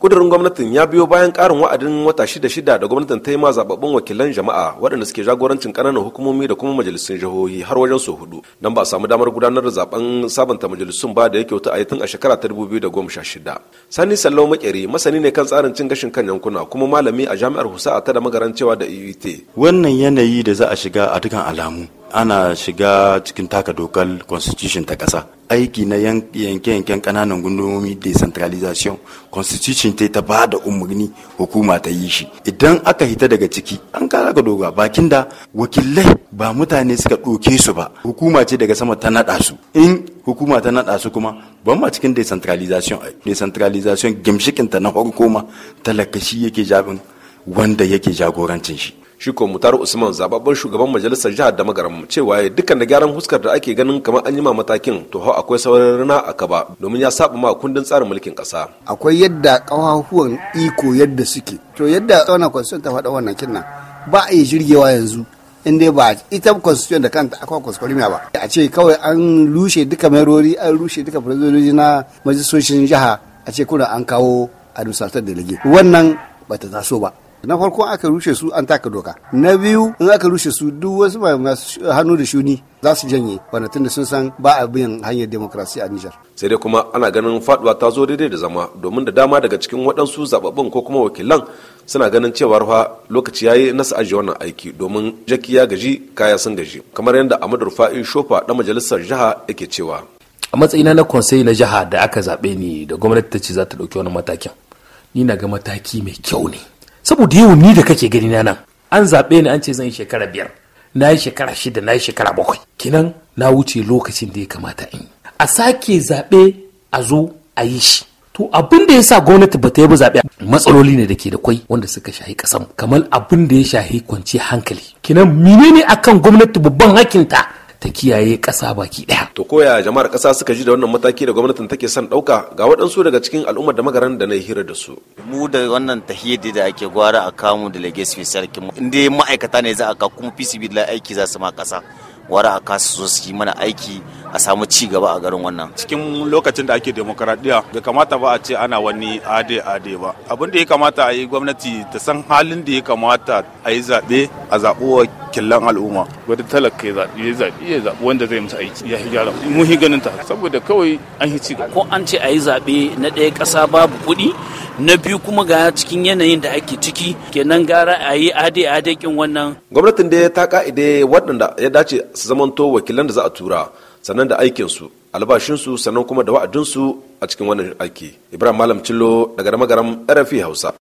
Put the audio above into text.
kudurin gwamnatin ya biyo bayan karin wa'adin wata shida shida da gwamnatin ta yi ma zababbun wakilan jama'a waɗanda suke jagorancin ƙananan hukumomi da kuma majalisun jihohi har wajen su hudu don ba a samu damar gudanar da zaben sabanta majalisun ba da yake wuta a yi tun a shekara ta dubu biyu da goma sha shida sani sallau makeri masani ne kan tsarin cin gashin kan yankuna kuma malami a jami'ar husa'a ta da magarancewa da iut e wannan yanayi da za a shiga a dukkan alamu ana shiga cikin taka dokar constitution ta kasa aiki na yanke-yanken kananan gundumomi decentralization constitution ta ta ba da umarni hukuma ta yi shi idan aka hita daga ciki an kara ka doga bakin da wakilai ba mutane suka ɗoke su ba hukuma ce daga sama ta naɗa su in hukuma ta naɗa su kuma ban ma cikin decentralization decentralization gimshikinta na farko ma talakashi yake jabin wanda yake jagorancin shi shi ko mutar usman zababban shugaban majalisar jihar da magaram cewa dukkan da gyaran huskar da ake ganin kamar an yi ma matakin to hau akwai sauran rana a kaba domin ya saba ma kundin tsarin mulkin kasa akwai yadda kawahuwan iko yadda suke to yadda wannan constitution ta faɗa wannan kinna ba a yi jirgewa yanzu in dai ba ita constitution da kanta akwai kwaskwarmiya ba a ce kawai an rushe duka merori an rushe duka firizoji na majalisoshin jiha a ce kuna an kawo administrator delege wannan bata taso ba na farko aka rushe su an taka doka na biyu in aka rushe su duk wasu masu hannu da shuni za su janye wanda tun da sun san ba a bin hanyar demokrasi a Nijar. Sai dai kuma ana ganin faduwa ta zo daidai da zama domin da dama daga cikin waɗansu zababbin ko kuma wakilan suna ganin cewa fa lokaci yayi na su ajiye wannan aiki domin jaki ya gaji kaya sun gaji kamar yadda amadu Rufa'i Shofa da majalisar jiha yake cewa. A matsayina na konsai na jiha da aka zaɓe ni da gwamnati ta ce za ta ɗauki wani matakin. Ni na ga mataki mai kyau ne. saboda yau ni da kake gani na nan an zaɓe ni an ce zan yi shekara biyar na yi shekara shida na yi shekara bakwai kinan na wuce lokacin da ya kamata in a sake zaɓe a zo a yi shi to abin da ya sa gwamnati ba ta yi ba zaɓe matsaloli ne da ke da kwai wanda suka shahi kasan kamar abin da ya shahi kwanci hankali kinan menene akan gwamnati babban hakinta ta kiyaye ƙasa baki ɗaya. To koya jama'ar ƙasa suka ji da wannan mataki da gwamnatin take son ɗauka ga waɗansu daga cikin al'ummar da magaran da na yi hira da su. Mu da wannan tahiyar da ake gwara a kamu da lagos mai sarki mu inda ma'aikata ne za a ka kuma pcb da aiki za su ma ƙasa gwara a kasu su yi mana aiki a samu ci gaba a garin wannan cikin lokacin da ake demokaradiyya bai kamata ba a ce ana wani ade ade ba abin da ya kamata a yi gwamnati ta san halin da ya kamata a yi zaɓe a zaɓuwa killan al'umma wadda talaka ya zaɓi ya zaɓi ya zaɓi wanda zai musu aiki ya gyara mun hi ganin ta saboda kawai an yi ci ko an ce a yi zaɓe na ɗaya ƙasa babu kuɗi na biyu kuma ga cikin yanayin da ake ciki kenan gara a yi ade ade kin wannan gwamnatin da ta ka'ide waɗanda ya dace su zamanto wakilan da za a tura sannan da aikinsu albashinsu sannan kuma da wa'adinsu a cikin wannan aiki ibrahim malam cillo daga magaram rfi hausa